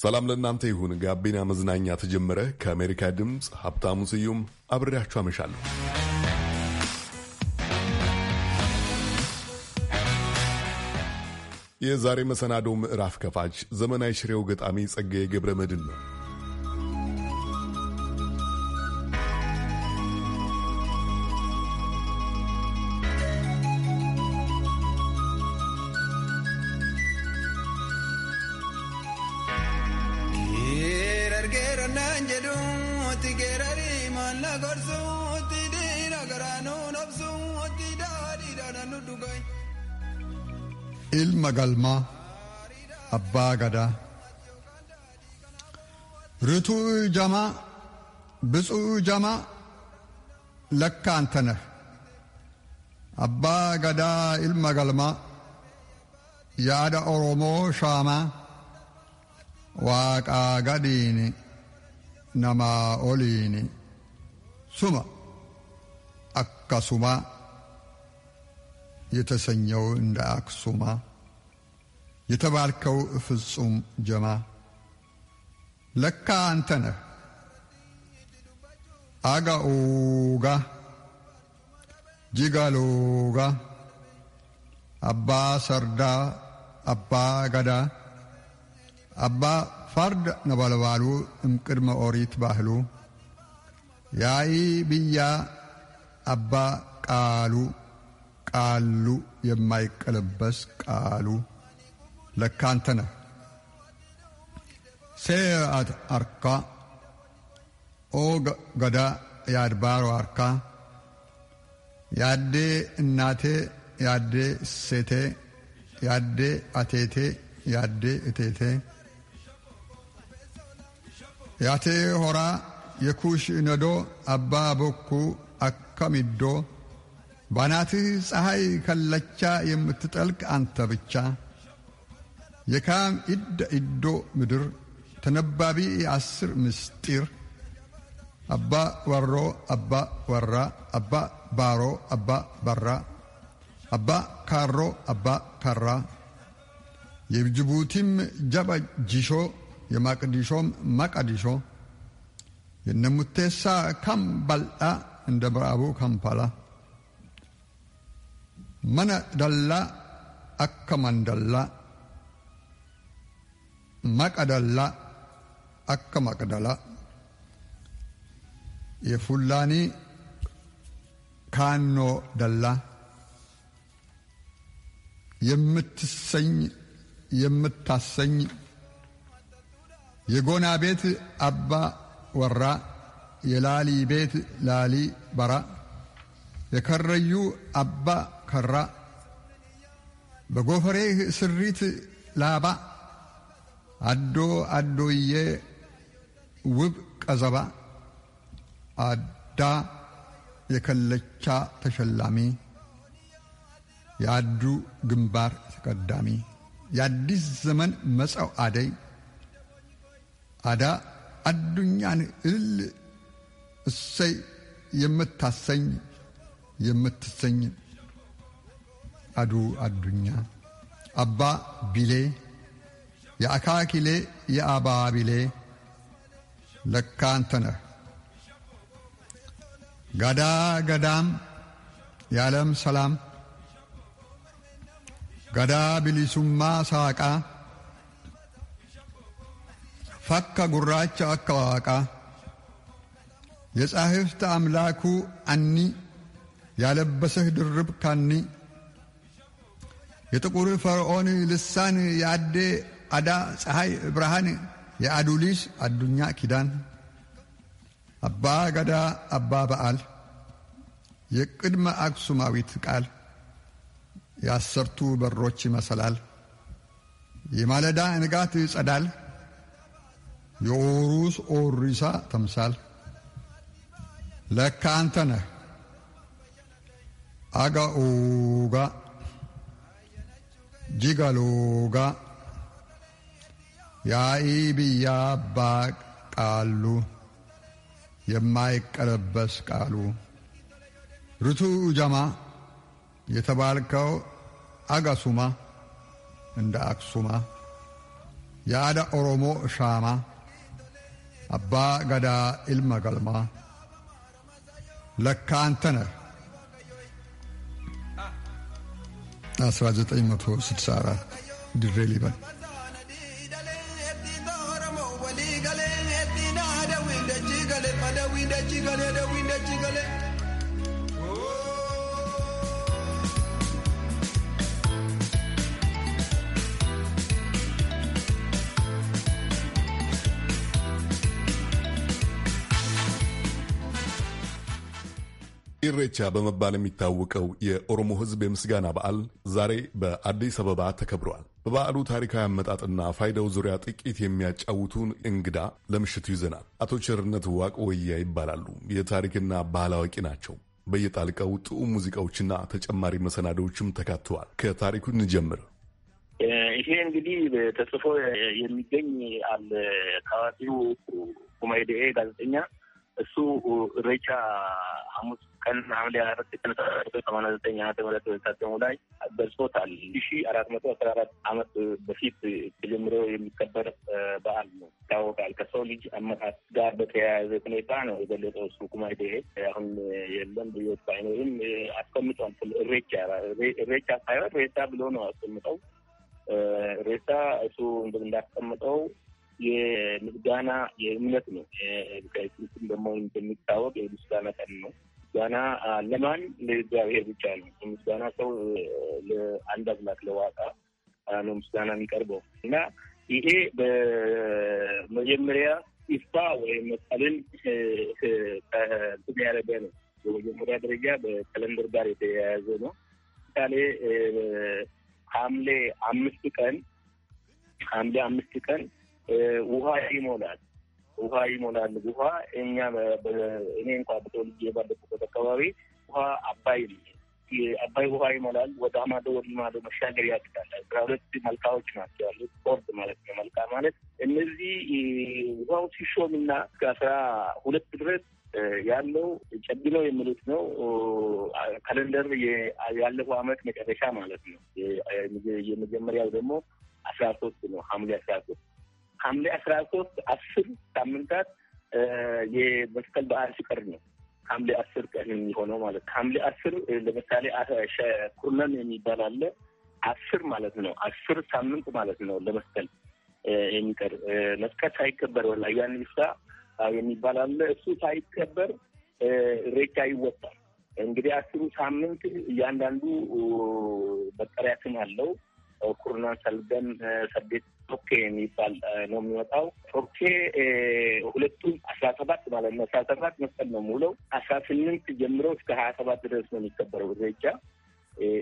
ሰላም ለእናንተ ይሁን። ጋቢና መዝናኛ ተጀመረ። ከአሜሪካ ድምፅ ሀብታሙ ስዩም አብሬያችሁ አመሻለሁ። የዛሬ መሰናዶ ምዕራፍ ከፋች ዘመናዊ ሽሬው ገጣሚ ጸጋዬ ገብረ መድን ነው። Kennaan jedhuutti geerarii maalla gorsuutti diina garaanuun nu Ilma abbaa gadaa rituu jamaa bitsuu jamaa lakkaan tanar abbaa gadaa ilma galma, yaada oromoo shaamaa waaqaa gadiini. namaa oliini suma akkasuma የተሰኘው እንደ አክሱማ የተባልከው ፍጹም ጀማ ለካ አንተ ነህ አጋኡጋ ጅጋሎጋ አባ ሰርዳ አባ ገዳ አባ ፈርድ ነበልባሉ እምቅድመ ኦሪት ባህሉ ያይ ብያ አባ ቃሉ ቃሉ የማይቀለበስ ቃሉ ለካንተ ነህ ሴአት አርካ ኦ ገዳ የአድባሮ አርካ ያዴ እናቴ ያዴ ሴቴ ያዴ አቴቴ ያዴ እቴቴ ያቴ ሆራ የኩሽ ነዶ አባ በኩ አከሚዶ ባናትህ ፀሐይ ከለቻ የምትጠልቅ አንተ ብቻ የካም ኢደ ኢዶ ምድር ተነባቢ አስር ምስጢር አባ ወሮ አባ ወራ አባ ባሮ አባ ባራ አባ ካሮ አባ ካራ የጅቡቲም ጀባ ጂሾ የማቅዲሾም ማቃዲሾ የነሙቴሳ ካምባልዳ እንደ ምዕራቡ ካምፓላ መነ ደላ አከ ማንደላ ማቀደላ አከ ማቅደላ የፉላኒ ካኖ ደላ የምትሰኝ የምታሰኝ የጎና ቤት አባ ወራ፣ የላሊ ቤት ላሊ በራ፣ የከረዩ አባ ከራ፣ በጎፈሬህ ስሪት ላባ፣ አዶ አዶዬ ውብ ቀዘባ፣ አዳ የከለቻ ተሸላሚ፣ የአዱ ግንባር ተቀዳሚ፣ የአዲስ ዘመን መጸው አደይ አዳ አዱኛን እልል እሰይ የምታሰኝ የምትሰኝ አዱ አዱኛ አባ ቢሌ የአካኪሌ የአባ ቢሌ ለካ አንተ ነህ ጋዳ ገዳም የዓለም ሰላም ጋዳ ቢሊሱማ ሳቃ fakka gurraacha አከዋቃ! waaqaa አምላኩ አኒ ያለበሰህ ድርብ ካኒ የጥቁር ፈርዖን ልሳን የአዴ አዳ ፀሐይ ብርሃን የአዱሊስ አዱኛ ኪዳን አባ ገዳ አባ በዓል የቅድመ አክሱማዊት ቃል የአሰርቱ በሮች መሰላል የማለዳ ንጋት ጸዳል የኦሩስ ኦሪሳ ተምሳል ለካ አንተ ነህ አጋኦጋ ጂጋሎጋ ያኢ ብያ አባ ቃሉ የማይቀለበስ ቃሉ ርቱ ጀማ የተባልከው አጋሱማ እንደ አክሱማ የአዳ ኦሮሞ ሻማ abbaa gadaa ilma galmaa lakkaan tana 1964 dirree liban. ኢሬቻ በመባል የሚታወቀው የኦሮሞ ሕዝብ የምስጋና በዓል ዛሬ በአዲስ አበባ ተከብረዋል። በበዓሉ ታሪካዊ አመጣጥና ፋይዳው ዙሪያ ጥቂት የሚያጫውቱን እንግዳ ለምሽቱ ይዘናል። አቶ ቸርነት ዋቅ ወያ ይባላሉ። የታሪክና ባህል አዋቂ ናቸው። በየጣልቃው ጥዑም ሙዚቃዎችና ተጨማሪ መሰናዶዎችም ተካተዋል። ከታሪኩ እንጀምር። ይሄ እንግዲህ ተጽፎ የሚገኝ አለ ታዋቂው ኩማይዴኤ ጋዜጠኛ እሱ ሬቻ ሐሙስ ቀን ሐምሌ አራት ቀን ሰማንያ ዘጠኝ ዓመተ ምህረት ታተሙ ላይ ደርሶታል። ሺ አራት መቶ አስራ አራት ዓመት በፊት ተጀምሮ የሚከበር በዓል ነው ይታወቃል። ከሰው ልጅ አመጣት ጋር በተያያዘ ሁኔታ ነው የገለጠው እሱ ኩማይዴ አሁን የለም ብዮት ባይኖርም አስቀምጧል። ሬቻ ሬቻ ሳይሆን ሬሳ ብሎ ነው አስቀምጠው ሬሳ እሱ እንዳስቀምጠው የምስጋና የእምነት ነው። ክርስትም ደግሞ እንደሚታወቅ የምስጋና ቀን ነው። ምስጋና ለማን ለእግዚአብሔር ብቻ ነው። ምስጋና ሰው ለአንድ አምላክ ለዋጣ ነው ምስጋና የሚቀርበው እና ይሄ በመጀመሪያ ይፋ ወይም መስቀልን ያደረገ ነው። በመጀመሪያ ደረጃ በከለንደር ጋር የተያያዘ ነው። ምሳሌ ሐምሌ አምስት ቀን ሐምሌ አምስት ቀን ውሃ ይሞላል ውሃ ይሞላል። ውሃ እኛ እኔ እንኳ በተወልጄ ባለበት አካባቢ ውሃ አባይ አባይ ውሃ ይሞላል። ወደ አማዶ ወደ ማዶ መሻገር ያግዳል። አስራ ሁለት መልካዎች ናቸው ያሉት ቦርድ ማለት ነው። መልካ ማለት እነዚህ ውሃው ሲሾም ሲሾምና እስከ አስራ ሁለት ድረስ ያለው ጨድለው የሚሉት ነው። ካለንደር ያለፈው አመት መጨረሻ ማለት ነው። የመጀመሪያው ደግሞ አስራ ሶስት ነው ሐምሌ አስራ ሶስት ሐምሌ አስራ ሶስት አስር ሳምንታት የመስቀል በዓል ሲቀር ነው። ሐምሌ አስር ቀን የሚሆነው ማለት ሐምሌ አስር ለምሳሌ ኩርነን የሚባል አለ። አስር ማለት ነው። አስር ሳምንት ማለት ነው ለመስቀል የሚቀር መስቀል ሳይከበር ወላ ያን ሳ የሚባል አለ። እሱ ሳይከበር ሬቻ ይወጣል። እንግዲህ አስሩ ሳምንት እያንዳንዱ መጠሪያ ስም አለው። ኩርና ሰልገን ሰዴት ቶኬ የሚባል ነው የሚወጣው። ቶኬ ሁለቱም አስራ ሰባት ማለት ነው። አስራ ሰባት መስቀል ነው የምውለው። አስራ ስምንት ጀምሮ እስከ ሀያ ሰባት ድረስ ነው የሚከበረው እሬቻ።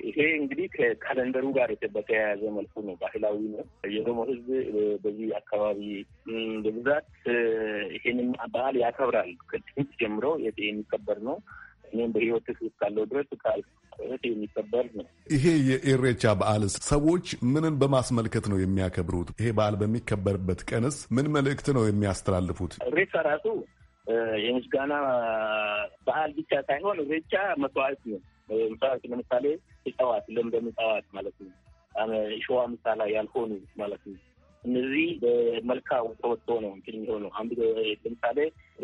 ይሄ እንግዲህ ከካለንደሩ ጋር በተያያዘ መልኩ ነው፣ ባህላዊ ነው። የኦሮሞ ህዝብ በዚህ አካባቢ በብዛት ይህንም በዓል ያከብራል። ከጥንት ጀምሮ የሚከበር ነው። እኔም በህይወት እስካለው ድረስ ቃል የሚከበር ነው። ይሄ የኢሬቻ በዓል ሰዎች ምንን በማስመልከት ነው የሚያከብሩት? ይሄ በዓል በሚከበርበት ቀንስ ምን መልእክት ነው የሚያስተላልፉት? ኢሬቻ ራሱ የምስጋና በዓል ብቻ ሳይሆን ኢሬቻ መስዋዕት ነው። መስዋዕት ለምሳሌ እጽዋት፣ ለምደም እጽዋት ማለት ነው። እሸዋ ምሳላ ያልሆኑ ማለት ነው። እነዚህ በመልካው ተወጥቶ ነው የሚሆነው። አንዱ ለምሳሌ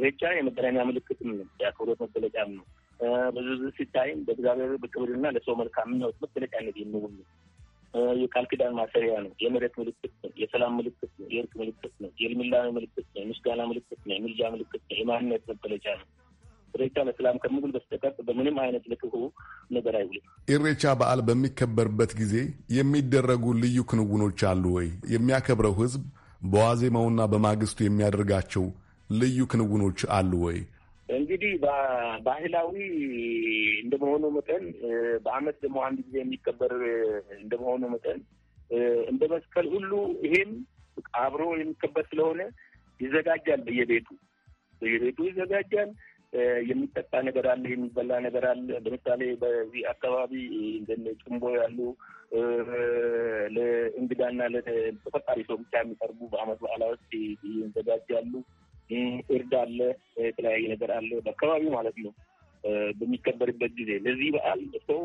ሬቻ የመገናኛ ምልክትም ነው፣ የአክብሮት መገለጫም ነው። ዝ ሲታይም በእግዚአብሔር በክብርና ለሰው መልካምነት መገለጫነት የሚውል ነው። የቃል ኪዳን ማሰሪያ ነው። የምህረት ምልክት ነው። የሰላም ምልክት ነው። የእርቅ ምልክት ነው። የልምላሜ ምልክት ነው። የምስጋና ምልክት ነው። የምልጃ ምልክት ነው። የማንነት መገለጫ ነው። ኢሬቻ ለሰላም ከምግል በስተቀር በምንም አይነት ለክፉ ነገር አይውልም። ኢሬቻ በዓል በሚከበርበት ጊዜ የሚደረጉ ልዩ ክንውኖች አሉ ወይ? የሚያከብረው ህዝብ በዋዜማውና በማግስቱ የሚያደርጋቸው ልዩ ክንውኖች አሉ ወይ? እንግዲህ ባህላዊ እንደመሆኑ መጠን በአመት ደግሞ አንድ ጊዜ የሚከበር እንደመሆኑ መጠን እንደ መስቀል ሁሉ ይሄም አብሮ የሚከበር ስለሆነ ይዘጋጃል። በየቤቱ በየቤቱ ይዘጋጃል። የሚጠጣ ነገር አለ፣ የሚበላ ነገር አለ። ለምሳሌ በዚህ አካባቢ እንደ ጭንቦ ያሉ ለእንግዳና ለተፈጣሪ ሰው ብቻ የሚቀርቡ በአመት በዓላዎች ይዘጋጃሉ። እርድ አለ፣ የተለያየ ነገር አለ በአካባቢው ማለት ነው። በሚከበርበት ጊዜ ለዚህ በዓል ሰው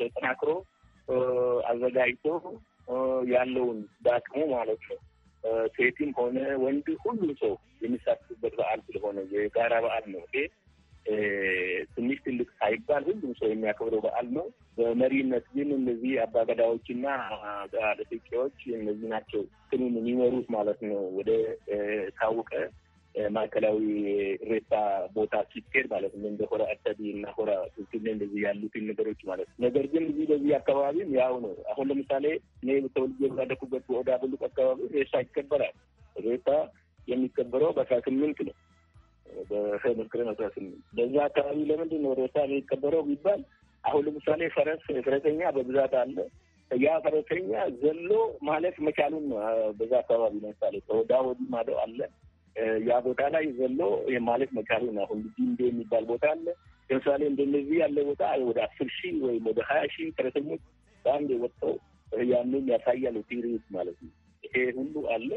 ተጠናክሮ አዘጋጅቶ ያለውን በአቅሙ ማለት ነው ሴትም ሆነ ወንድ ሁሉም ሰው የሚሳትፉበት በዓል ስለሆነ የጋራ በዓል ነው። ትንሽ ትልቅ ሳይባል ሁሉም ሰው የሚያከብረው በዓል ነው። በመሪነት ግን እነዚህ አባገዳዎችና ደሴቄዎች እነዚህ ናቸው ስሙን የሚመሩት ማለት ነው። ወደ ታወቀ ማዕከላዊ ሬሳ ቦታ ሲትሄድ ማለት ነው እንደ ሆራ አዳቢ እና ሆራ ቱልቱሌ እንደዚህ ያሉትን ነገሮች ማለት ነው። ነገር ግን እዚህ በዚህ አካባቢም ያው ነው። አሁን ለምሳሌ እኔ ተወልጄ ያደኩበት በኦዳ ብሉቅ አካባቢ ሬሳ ይከበራል። ሬሳ የሚከበረው በአስራ ስምንት ነው በመስከረም አስራ ስምንት በዚህ አካባቢ ለምንድን ነው ሬሳ የሚከበረው ቢባል አሁን ለምሳሌ ፈረስ ፈረሰኛ በብዛት አለ። ያ ፈረሰኛ ዘሎ ማለት መቻሉን በዛ አካባቢ ለምሳሌ ወዳ ወዲህ ማደው አለ ያ ቦታ ላይ ዘሎ ማለት መቃብር ነው። አሁን ዲንዶ የሚባል ቦታ አለ። ለምሳሌ እንደነዚህ ያለ ቦታ ወደ አስር ሺህ ወይም ወደ ሀያ ሺህ ጥረተኞች በአንድ የወጥተው ያንን ያሳያል ፒሪዮድ ማለት ነው። ይሄ ሁሉ አለ።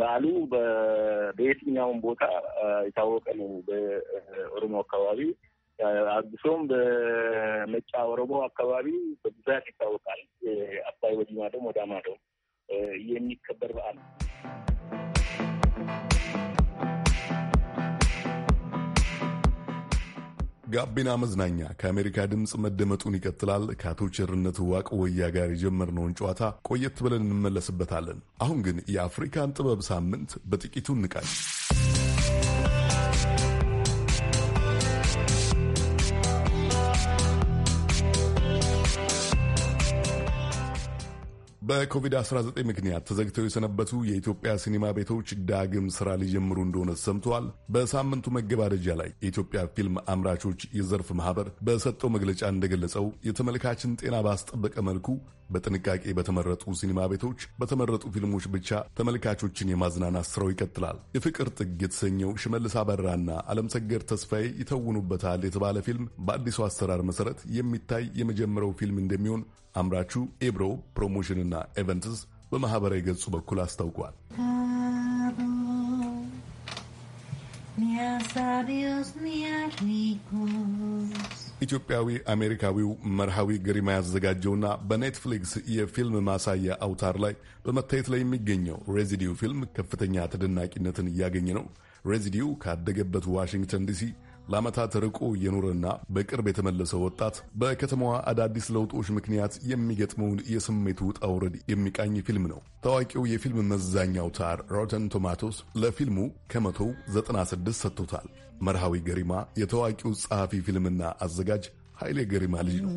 በዓሉ በየትኛውም ቦታ የታወቀ ነው። በኦሮሞ አካባቢ አብሶም በመጫ ኦሮሞ አካባቢ በብዛት ይታወቃል። አባይ ወዲማ ደግሞ ወዳማ ደግሞ የሚከበር በዓል ነው። ጋቢና መዝናኛ ከአሜሪካ ድምፅ መደመጡን ይቀጥላል። ከአቶ ቸርነት ዋቅ ወያ ጋር የጀመርነውን ጨዋታ ቆየት ብለን እንመለስበታለን። አሁን ግን የአፍሪካን ጥበብ ሳምንት በጥቂቱ እንቃኝ። በኮቪድ-19 ምክንያት ተዘግተው የሰነበቱ የኢትዮጵያ ሲኒማ ቤቶች ዳግም ስራ ሊጀምሩ እንደሆነ ሰምተዋል። በሳምንቱ መገባደጃ ላይ የኢትዮጵያ ፊልም አምራቾች የዘርፍ ማህበር በሰጠው መግለጫ እንደገለጸው የተመልካችን ጤና ባስጠበቀ መልኩ በጥንቃቄ በተመረጡ ሲኒማ ቤቶች በተመረጡ ፊልሞች ብቻ ተመልካቾችን የማዝናናት ስራው ይቀጥላል። የፍቅር ጥግ የተሰኘው ሽመልስ አበራና አለምሰገድ ተስፋዬ ይተውኑበታል የተባለ ፊልም በአዲሱ አሰራር መሰረት የሚታይ የመጀመሪያው ፊልም እንደሚሆን አምራቹ ኤብሮ ፕሮሞሽንና ኤቨንትስ በማህበራዊ ገጹ በኩል አስታውቋል። ni a ኢትዮጵያዊ አሜሪካዊው መርሃዊ ግሪማ ያዘጋጀውና በኔትፍሊክስ የፊልም ማሳያ አውታር ላይ በመታየት ላይ የሚገኘው ሬዚዲው ፊልም ከፍተኛ ተደናቂነትን እያገኘ ነው። ሬዚዲው ካደገበት ዋሽንግተን ዲሲ ለዓመታት ርቆ የኖረና በቅርብ የተመለሰው ወጣት በከተማዋ አዳዲስ ለውጦች ምክንያት የሚገጥመውን የስሜት ውጣ ውረድ የሚቃኝ ፊልም ነው። ታዋቂው የፊልም መዛኛ አውታር ሮተን ቶማቶስ ለፊልሙ ከመቶ 96 ሰጥቶታል። መርሃዊ ገሪማ የታዋቂው ጸሐፊ ፊልምና አዘጋጅ ኃይሌ ገሪማ ልጅ ነው።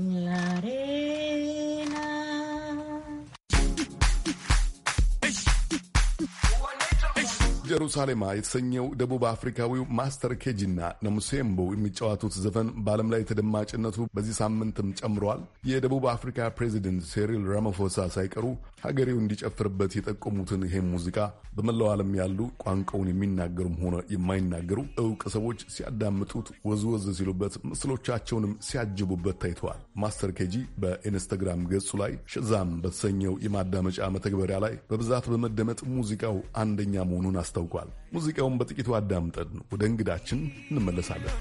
ጀሩሳሌማ የተሰኘው ደቡብ አፍሪካዊው ማስተር ኬጂና ነሙሴምቦ የሚጫወቱት ዘፈን በዓለም ላይ ተደማጭነቱ በዚህ ሳምንትም ጨምረዋል። የደቡብ አፍሪካ ፕሬዚደንት ሴሪል ራማፎሳ ሳይቀሩ ሀገሬው እንዲጨፍርበት የጠቆሙትን ይህም ሙዚቃ በመላው ዓለም ያሉ ቋንቋውን የሚናገሩም ሆነ የማይናገሩ እውቅ ሰዎች ሲያዳምጡት ወዝወዝ ሲሉበት፣ ምስሎቻቸውንም ሲያጅቡበት ታይተዋል። ማስተር ኬጂ በኢንስታግራም ገጹ ላይ ሽዛም በተሰኘው የማዳመጫ መተግበሪያ ላይ በብዛት በመደመጥ ሙዚቃው አንደኛ መሆኑን አስታውቋል። ሙዚቃውን በጥቂቱ አዳምጠን ወደ እንግዳችን እንመለሳለን።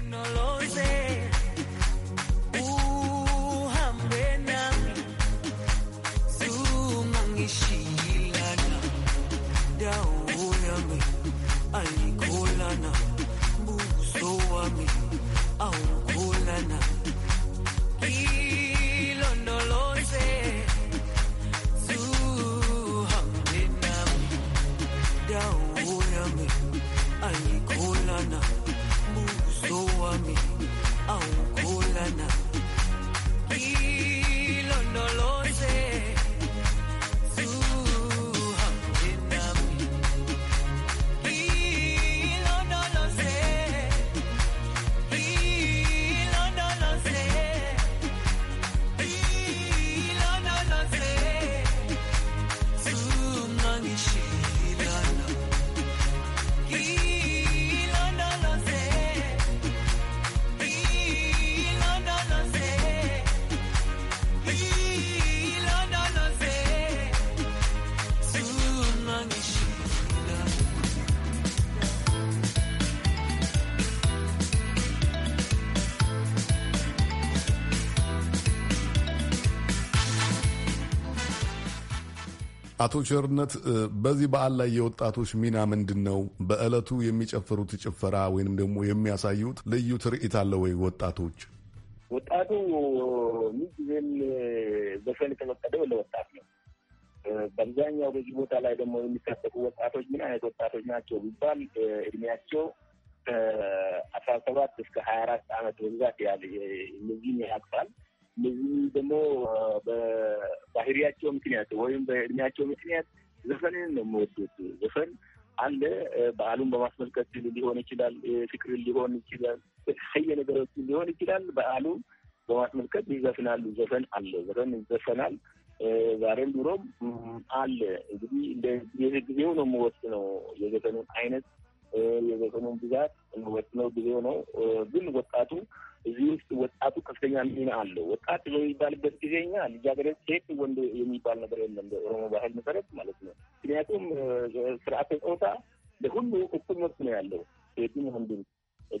አቶ ቸርነት በዚህ በዓል ላይ የወጣቶች ሚና ምንድን ነው? በዕለቱ የሚጨፍሩት ጭፈራ ወይንም ደግሞ የሚያሳዩት ልዩ ትርኢት አለ ወይ? ወጣቶች ወጣቱ ምንጊዜም በሰልፍ የፈቀደው ለወጣት ነው። በአብዛኛው በዚህ ቦታ ላይ ደግሞ የሚሳተፉ ወጣቶች ምን አይነት ወጣቶች ናቸው ቢባል እድሜያቸው ከአስራ ሰባት እስከ ሀያ አራት ዓመት በብዛት ያህል እነዚህም ያቅፋል። እነዚህ ደግሞ በባህሪያቸው ምክንያት ወይም በእድሜያቸው ምክንያት ዘፈንን ነው የሚወዱት። ዘፈን አለ በዓሉን በማስመልከት ሊሆን ይችላል፣ ፍቅር ሊሆን ይችላል፣ የተለያየ ነገሮች ሊሆን ይችላል። በዓሉን በማስመልከት ይዘፍናሉ። ዘፈን አለ፣ ዘፈን ይዘፈናል። ዛሬም ድሮም አለ። እንግዲህ ጊዜው ነው የምወስነው የዘፈኑን አይነት የዘፈኑን ብዛት ወስነው ጊዜው ነው ግን ወጣቱ እዚህ ውስጥ ወጣቱ ከፍተኛ ሚና አለው። ወጣት በሚባልበት ጊዜ እኛ ልጃገረድ፣ ሴት፣ ወንድ የሚባል ነገር የለም በኦሮሞ ባህል መሰረት ማለት ነው። ምክንያቱም ስርዓተ ፆታ ለሁሉ እኩል መብት ነው ያለው ሴትም ወንድም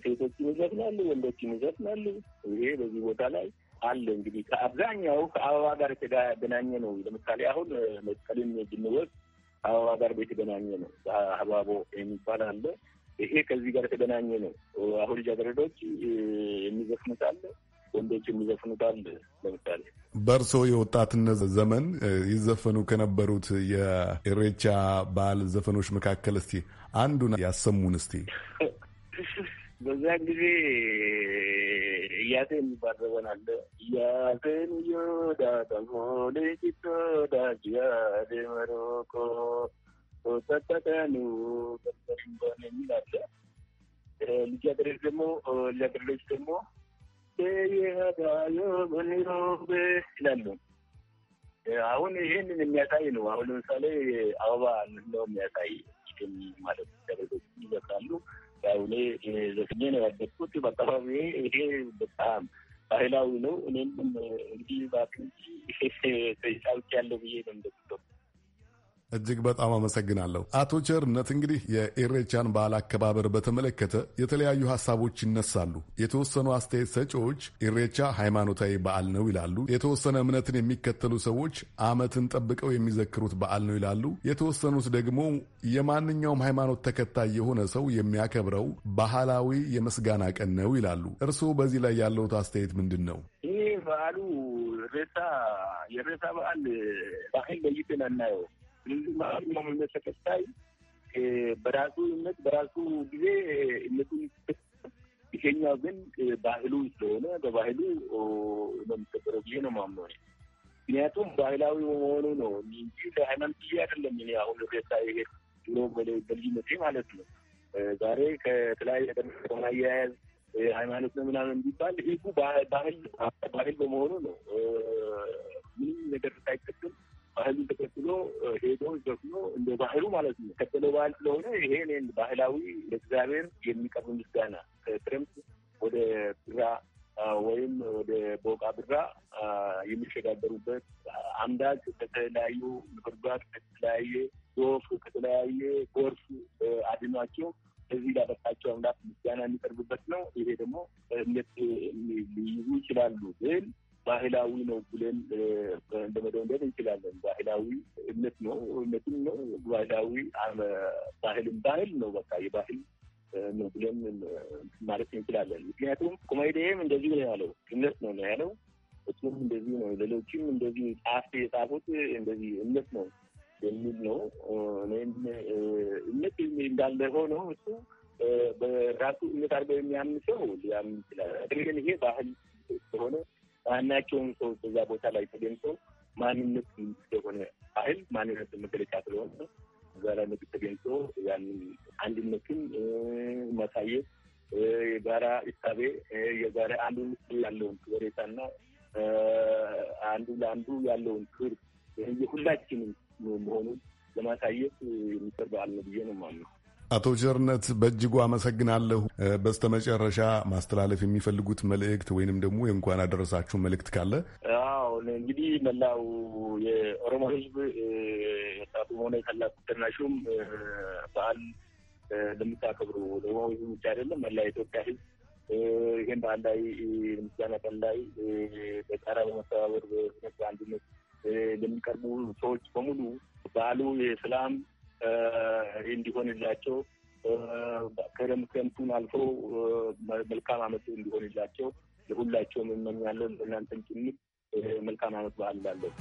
ሴቶችም ይዘፍናሉ፣ ወንዶችም ይዘፍናሉ። ይሄ በዚህ ቦታ ላይ አለ። እንግዲህ ከአብዛኛው ከአበባ ጋር የተገናኘ ነው። ለምሳሌ አሁን መስቀልን ብንወስድ ከአበባ ጋር የተገናኘ ነው። አባቦ የሚባል አለ። ይሄ ከዚህ ጋር የተገናኘ ነው። አሁን ልጃገረዶች ይዘፍኑታል፣ ወንዶችም ይዘፍኑታል። ለምሳሌ በእርሶ የወጣትነት ዘመን ይዘፈኑ ከነበሩት የኢሬቻ ባህል ዘፈኖች መካከል እስቲ አንዱን ያሰሙን እስቲ። በዚያን ጊዜ እያቴ የሚባል ዘፈን አለ። እያቴን ዮዳ ደግሞ ልጅቶ ዳጅ ያደ መሮቆ ተጠጠኑ የሚል ልጃገረድ ደግሞ ልጃገረዶች ደግሞ በኒሮ ይላሉ። አሁን ይህንን የሚያሳይ ነው። አሁን ለምሳሌ አበባ ነው የሚያሳይ ማለት ደረዶች ይዘፍራሉ። ሁኔ ዘፍኜ ነው ያደግኩት። በአካባቢ ይሄ በጣም ባህላዊ ነው። እኔም እንግዲህ ባትንጂ ተጫውቻለሁ ብዬ ነው እጅግ በጣም አመሰግናለሁ አቶ ቸርነት። እንግዲህ የኢሬቻን በዓል አከባበር በተመለከተ የተለያዩ ሀሳቦች ይነሳሉ። የተወሰኑ አስተያየት ሰጪዎች ኢሬቻ ሃይማኖታዊ በዓል ነው ይላሉ። የተወሰነ እምነትን የሚከተሉ ሰዎች ዓመትን ጠብቀው የሚዘክሩት በዓል ነው ይላሉ። የተወሰኑት ደግሞ የማንኛውም ሃይማኖት ተከታይ የሆነ ሰው የሚያከብረው ባህላዊ የምስጋና ቀን ነው ይላሉ። እርስዎ በዚህ ላይ ያለውት አስተያየት ምንድን ነው? ይህ በዓሉ ሬሳ የሬሳ በዓል ባህል ለይተን አናየው መመለስ ታይ በራሱ እምነት በራሱ ጊዜ እምነቱን ይሄኛው ግን ባህሉ ስለሆነ በባህሉ ለሚከበረው ጊዜ ነው ማምኖ ምክንያቱም ባህላዊ መሆኑ ነው እንጂ ለሃይማኖት ጊዜ አይደለም። እኔ አሁን ሬሳ ይሄ ድሮ በልጅነቴ ማለት ነው። ዛሬ ከተለያየ ከማያያዝ ሃይማኖት ነው ምናምን የሚባል ባህል ባህል በመሆኑ ነው ምንም ነገር ሳይጠቅም ባህሉን ተከትሎ ሄዶ ዘፍኖ እንደ ባህሉ ማለት ነው ከተለው ባህል ስለሆነ ይሄ ባህላዊ ለእግዚአብሔር የሚቀርብ ምስጋና ከክረምት ወደ ብራ ወይም ወደ ቦቃ ብራ የሚሸጋገሩበት አምዳጅ ከተለያዩ ነጎድጓድ ከተለያየ ዶፍ ከተለያየ ጎርፍ አድኗቸው እዚህ ላበቃቸው አምላክ ምስጋና የሚቀርብበት ነው። ይሄ ደግሞ እንዴት ሊይዙ ይችላሉ? ግን ባህላዊ ነው ብለን እምነት ነው እምነትም ነው ባህላዊ ባህልም ባህል ነው። በቃ የባህል ነው ብለን ማለት እንችላለን። ምክንያቱም ኮሜዲም እንደዚህ ነው ያለው እምነት ነው ነው ያለው እሱም እንደዚህ ነው። ሌሎችም እንደዚህ ጻፍ የጻፉት እንደዚህ እምነት ነው የሚል ነው። እምነት እንዳለ ሆኖ እሱ በራሱ እምነት አድርገው የሚያምን ሰው ሊያምን ይችላል። ግን ይሄ ባህል ስለሆነ ማናቸውም ሰው በዛ ቦታ ላይ ተገኝተው ማንነት ስለሆነ ባህል ማንነት መገለጫ ስለሆነ እዛ ላይ ምግብ ተገኝቶ ያንን አንድነትን ማሳየት የጋራ እሳቤ የጋራ አንዱ ያለውን ክበሬታና አንዱ ለአንዱ ያለውን ክብር የሁላችንም መሆኑን ለማሳየት የሚሰር በዓል ነው ብዬ ነው የማምነው። አቶ ቸርነት በእጅጉ አመሰግናለሁ። በስተመጨረሻ ማስተላለፍ የሚፈልጉት መልእክት ወይንም ደግሞ የእንኳን አደረሳችሁ መልእክት ካለ? አዎ እንግዲህ መላው የኦሮሞ ሕዝብ ወጣቱም ሆነ ታላቁ ትናሹም በዓል ለምታከብሩ ኦሮሞ ሕዝብ ብቻ አይደለም መላ የኢትዮጵያ ሕዝብ ይህን በዓል ላይ ምስጋና ቀን ላይ በጋራ በመተባበር በአንድነት ለሚቀርቡ ሰዎች በሙሉ በዓሉ የሰላም እንዲሆንላቸው ከደም ከምቱን አልፎ መልካም አመት እንዲሆንላቸው ለሁላቸውም እመኛለሁ። ለእናንተም ጭምር መልካም አመት በዓል ላለው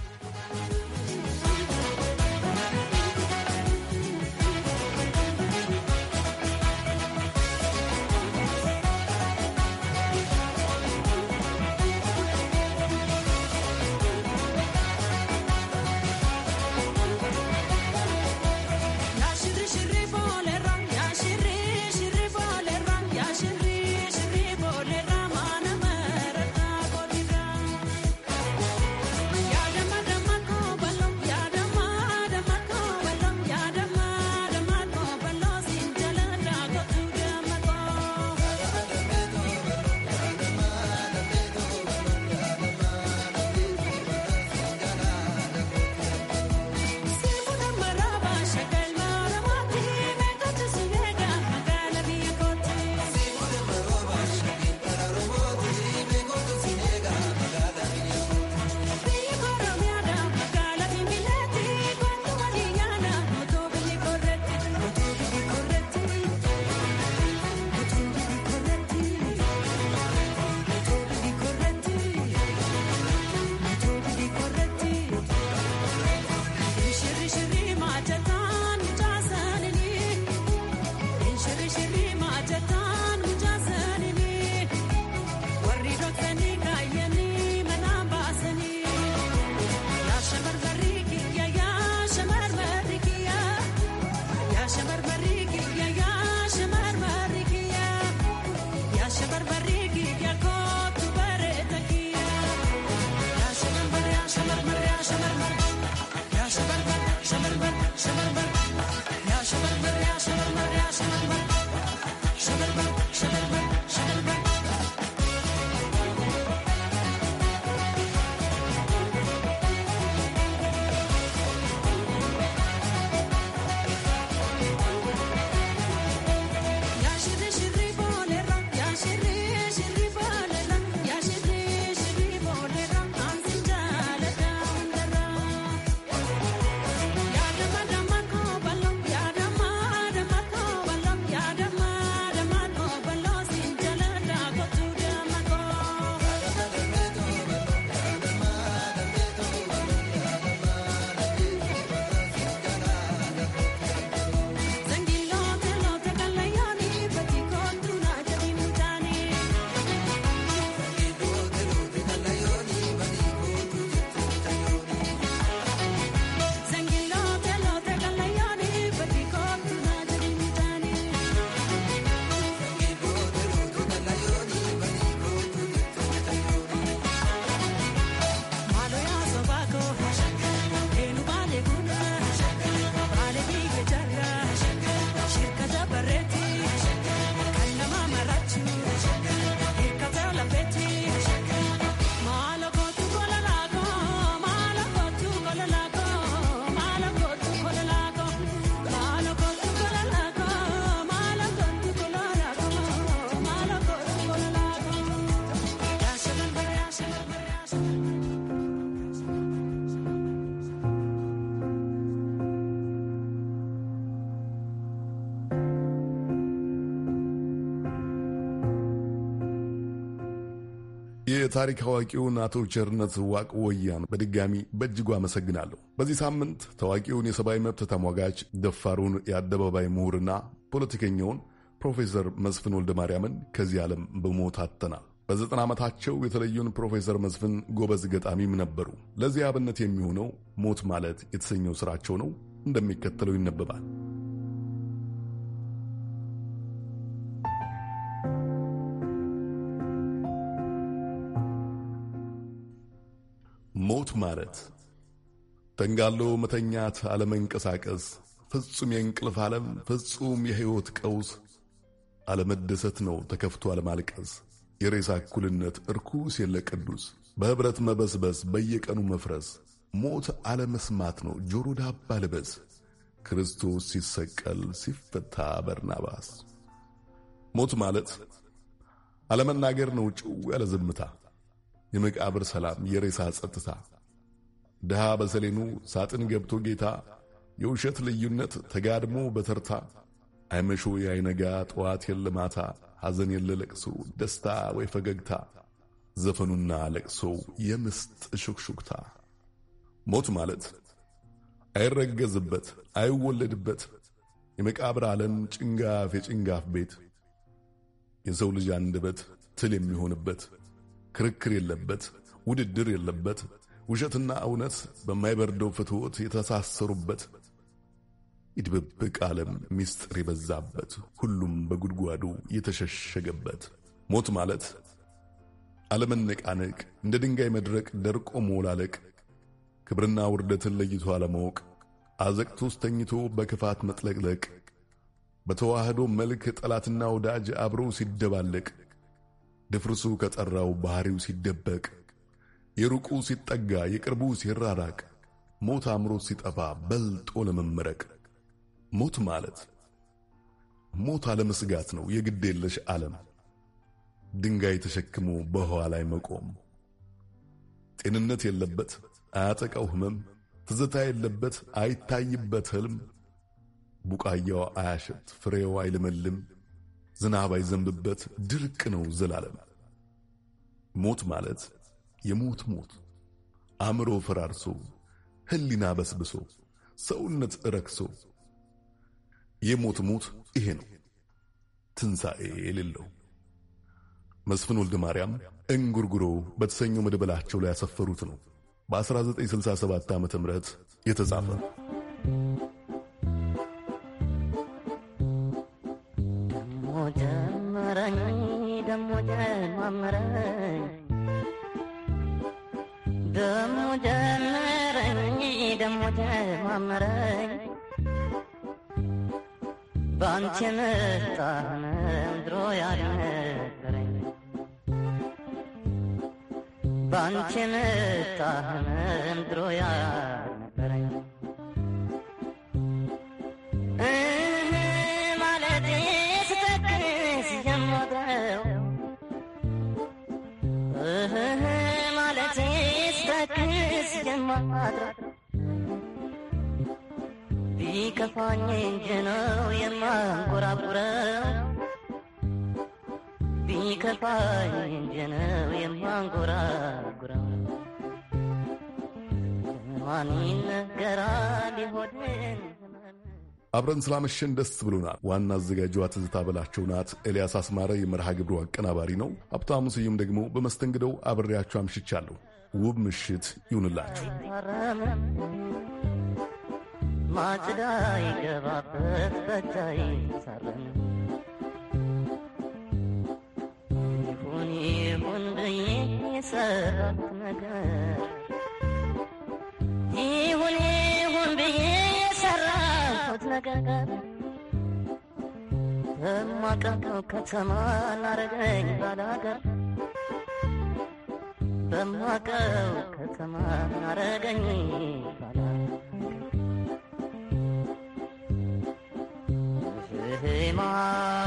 Summer, የታሪክ አዋቂውን አቶ ቸርነት ወያን በድጋሚ በእጅጉ አመሰግናለሁ። በዚህ ሳምንት ታዋቂውን የሰብአዊ መብት ተሟጋች ደፋሩን የአደባባይ ምሁርና ፖለቲከኛውን ፕሮፌሰር መስፍን ወልደ ማርያምን ከዚህ ዓለም በሞት አጥተናል። በዘጠና ዓመታቸው የተለዩን ፕሮፌሰር መስፍን ጎበዝ ገጣሚም ነበሩ። ለዚህ አብነት የሚሆነው ሞት ማለት የተሰኘው ስራቸው ነው፣ እንደሚከተለው ይነበባል። ማረት፣ ተንጋሎ መተኛት፣ አለመንቀሳቀስ፣ ፍጹም የእንቅልፍ ዓለም፣ ፍጹም የሕይወት ቀውስ፣ አለመደሰት ነው ተከፍቶ አለማልቀስ፣ የሬሳ እኩልነት፣ እርኩስ የለ ቅዱስ፣ በኅብረት መበስበስ፣ በየቀኑ መፍረስ፣ ሞት አለመስማት ነው ጆሮ ዳባ ልበስ፣ ክርስቶስ ሲሰቀል ሲፈታ በርናባስ። ሞት ማለት አለመናገር ነው ጭው ያለ ዝምታ፣ የመቃብር ሰላም፣ የሬሳ ጸጥታ ድሃ በሰሌኑ ሳጥን ገብቶ ጌታ የውሸት ልዩነት ተጋድሞ በተርታ አይመሾ የአይነጋ ጠዋት የለ ማታ ሐዘን የለ ለቅሶ ደስታ ወይ ፈገግታ ዘፈኑና ለቅሶው የምስጥ ሹክሹክታ። ሞት ማለት አይረገዝበት አይወለድበት የመቃብር ዓለም ጭንጋፍ የጭንጋፍ ቤት የሰው ልጅ አንደበት ትል የሚሆንበት ክርክር የለበት ውድድር የለበት ውሸትና እውነት በማይበርደው ፍትወት የተሳሰሩበት የድብብቅ ዓለም ምስጢር የበዛበት ሁሉም በጉድጓዱ የተሸሸገበት ሞት ማለት አለመነቃነቅ፣ እንደ ድንጋይ መድረቅ ደርቆ መውላለቅ፣ ክብርና ውርደትን ለይቶ አለማወቅ፣ አዘቅት ውስጥ ተኝቶ በክፋት መጥለቅለቅ፣ በተዋህዶ መልክ ጠላትና ወዳጅ አብረው ሲደባለቅ፣ ድፍርሱ ከጠራው ባህሪው ሲደበቅ የሩቁ ሲጠጋ የቅርቡ ሲራራቅ ሞት አምሮ ሲጠፋ በልጦ ለመመረቅ ሞት ማለት ሞት አለመስጋት ነው የግድ የለሽ ዓለም ድንጋይ ተሸክሞ በኋላ ላይ መቆም ጤንነት የለበት አያጠቃው ህመም ትዝታ የለበት አይታይበት ህልም ቡቃያው አያሸት ፍሬው አይለመልም ዝናብ አይዘንብበት ድርቅ ነው ዘላለም ሞት ማለት የሞት ሞት አእምሮ ፈራርሶ፣ ህሊና በስብሶ፣ ሰውነት ረክሶ የሞት ሞት ይሄ ነው ትንሣኤ የሌለው። መስፍን ወልደ ማርያም እንጉርጉሮ በተሰኘው መድበላቸው ላይ ያሰፈሩት ነው። በ1967 ዓ ም የተጻፈ ነው። አመረኝ በአንቺ ምጣነው ድሮ ያልነበረኝ በአንቺ ምጣነው ድሮ ያልነበረኝ ማለቴ ስተክስ ጀመረው ማለቴ ስተክስ ጀመረ ቢከፋኝ እንጂ ነው የማንጎራጉረው ቢከፋኝ እንጂ ነው የማንጎራጉረው ማን ይነገራል ይሆንን አብረን ስላመሸን ደስ ብሎናል። ዋና አዘጋጇ ትዝታ በላቸው ናት። ኤልያስ አስማረ የመርሃ ግብሩ አቀናባሪ ነው። ሀብታሙ ስዩም ደግሞ በመስተንግደው አብሬያችሁ አምሽቻለሁ። ውብ ምሽት ይሁንላችሁ። ማጭዳ ይገባበት በጃይ ሳጥን ይሁን ይሁን ብዬ የሰራት ነገር ይሁን ይሁን ብዬ ነገር በማቀቀው ከተማ ላረገኝ ባላገር በማቀው ከተማ ላረገኝ ባላ My.